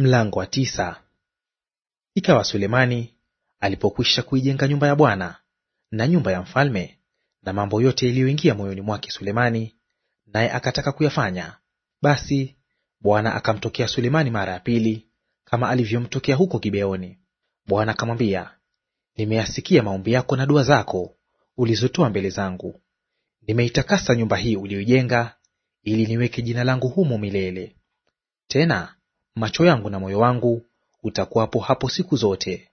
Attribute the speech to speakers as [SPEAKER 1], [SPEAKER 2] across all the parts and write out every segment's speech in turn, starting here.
[SPEAKER 1] Mlango wa tisa. Ikawa Sulemani alipokwisha kuijenga nyumba ya Bwana na nyumba ya mfalme na mambo yote yaliyoingia moyoni mwake Sulemani, naye akataka kuyafanya, basi Bwana akamtokea Sulemani mara ya pili kama alivyomtokea huko Gibeoni. Bwana akamwambia, nimeyasikia maombi yako na dua zako ulizotoa mbele zangu. Nimeitakasa nyumba hii uliyoijenga, ili niweke jina langu humo milele. Tena macho yangu na moyo wangu utakuwapo hapo siku zote.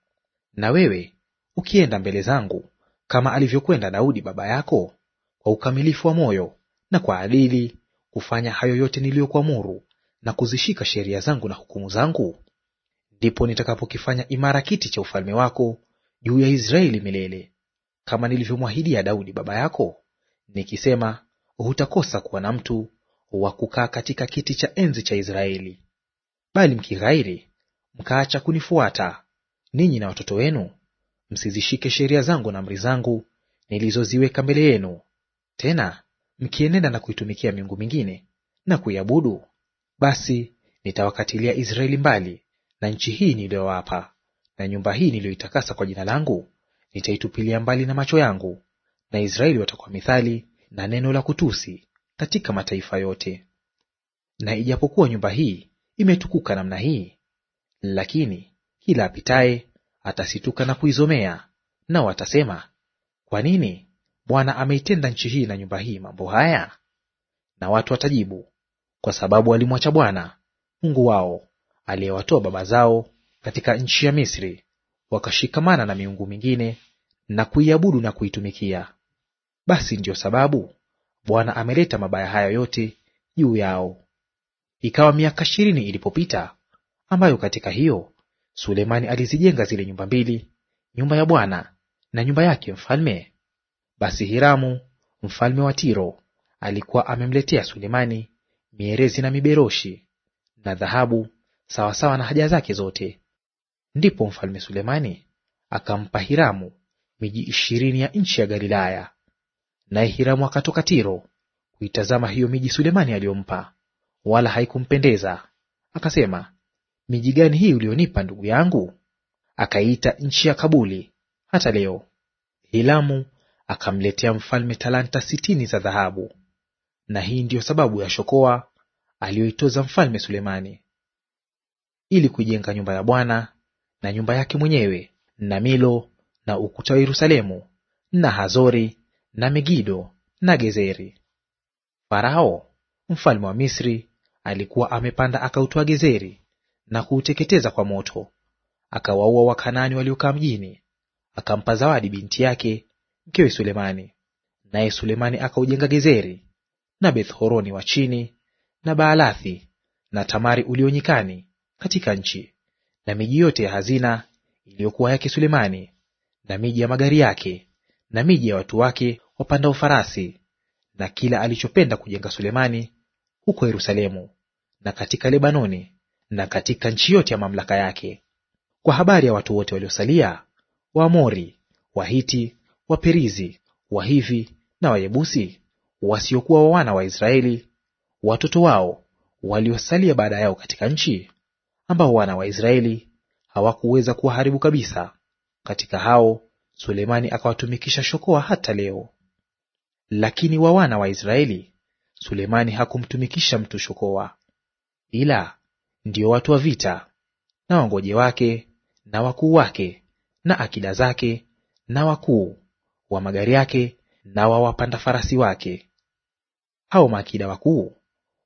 [SPEAKER 1] Na wewe ukienda mbele zangu kama alivyokwenda Daudi baba yako, kwa ukamilifu wa moyo na kwa adili, kufanya hayo yote niliyokuamuru na kuzishika sheria zangu na hukumu zangu, ndipo nitakapokifanya imara kiti cha ufalme wako juu ya Israeli milele, kama nilivyomwahidia Daudi baba yako, nikisema, hutakosa kuwa na mtu wa kukaa katika kiti cha enzi cha Israeli. Bali mkighairi mkaacha kunifuata, ninyi na watoto wenu, msizishike sheria zangu na amri zangu nilizoziweka mbele yenu, tena mkienenda na kuitumikia miungu mingine na kuiabudu, basi nitawakatilia Israeli mbali na nchi hii niliyowapa, na nyumba hii niliyoitakasa kwa jina langu nitaitupilia mbali na macho yangu, na Israeli watakuwa mithali na neno la kutusi katika mataifa yote. Na ijapokuwa nyumba hii imetukuka namna hii? Lakini kila apitaye atasituka na kuizomea, nao watasema, kwa nini Bwana ameitenda nchi hii na nyumba hii mambo haya? Na watu watajibu, kwa sababu walimwacha Bwana Mungu wao aliyewatoa baba zao katika nchi ya Misri, wakashikamana na miungu mingine na kuiabudu na kuitumikia. Basi ndiyo sababu Bwana ameleta mabaya haya yote juu yao. Ikawa miaka ishirini ilipopita, ambayo katika hiyo Sulemani alizijenga zile nyumba mbili, nyumba ya Bwana na nyumba yake mfalme, basi Hiramu mfalme wa Tiro alikuwa amemletea Sulemani mierezi na miberoshi na dhahabu sawasawa na haja zake zote. Ndipo mfalme Sulemani akampa Hiramu miji ishirini ya nchi ya Galilaya, naye Hiramu akatoka Tiro kuitazama hiyo miji Sulemani aliyompa wala haikumpendeza. Akasema, miji gani hii ulionipa ndugu yangu? Akaiita nchi ya Kabuli hata leo. hilamu akamletea mfalme talanta sitini za dhahabu, na hii ndiyo sababu ya shokoa aliyoitoza mfalme Sulemani ili kuijenga nyumba ya Bwana na nyumba yake mwenyewe na Milo na ukuta wa Yerusalemu na Hazori na Megido na Gezeri. Farao mfalme wa Misri alikuwa amepanda akautoa Gezeri na kuuteketeza kwa moto. Akawaua Wakanaani waliokaa mjini, akampa zawadi binti yake mkewe Sulemani. Naye Sulemani akaujenga Gezeri na Bethhoroni wa chini na Baalathi na Tamari ulionyikani katika nchi, na miji yote ya hazina iliyokuwa yake Sulemani, na miji ya magari yake, na miji ya watu wake wapandao farasi, na kila alichopenda kujenga Sulemani huko Yerusalemu na katika Lebanoni na katika nchi yote ya mamlaka yake. Kwa habari ya watu wote waliosalia, Waamori, Wahiti, Waperizi, Wahivi na Wayebusi wasiokuwa wa wana wa Israeli, watoto wao waliosalia baada yao katika nchi, ambao wana wa Israeli hawakuweza kuwaharibu kabisa, katika hao Sulemani akawatumikisha shokoa hata leo. Lakini wa wana wa Israeli Sulemani hakumtumikisha mtu shokoa, ila ndio watu wa vita na wangoje wake na wakuu wake na akida zake na wakuu wa magari yake na wa wapanda farasi wake. Hao maakida wakuu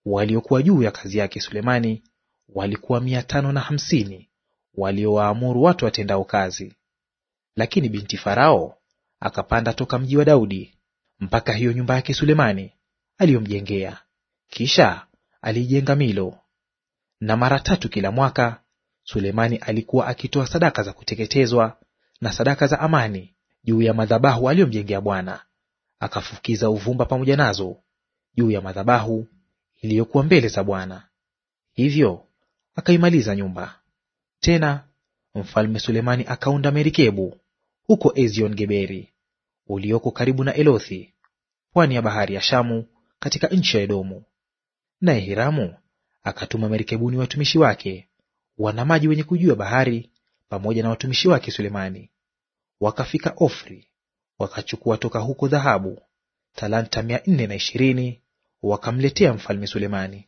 [SPEAKER 1] waliokuwa juu ya kazi yake Sulemani walikuwa mia tano na hamsini waliowaamuru watu watendao kazi. Lakini binti Farao akapanda toka mji wa Daudi mpaka hiyo nyumba yake Sulemani aliyomjengea, kisha aliijenga Milo na mara tatu kila mwaka Sulemani alikuwa akitoa sadaka za kuteketezwa na sadaka za amani juu ya madhabahu aliyomjengea Bwana, akafukiza uvumba pamoja nazo juu ya madhabahu iliyokuwa mbele za Bwana. Hivyo akaimaliza nyumba. Tena mfalme Sulemani akaunda merikebu huko Ezion Geberi ulioko karibu na Elothi, pwani ya bahari ya Shamu, katika nchi ya Edomu. Naye Hiramu akatuma merikebuni watumishi wake wana maji wenye kujua bahari pamoja na watumishi wake Sulemani. Wakafika Ofri, wakachukua toka huko dhahabu talanta mia nne na ishirini wakamletea mfalme Sulemani.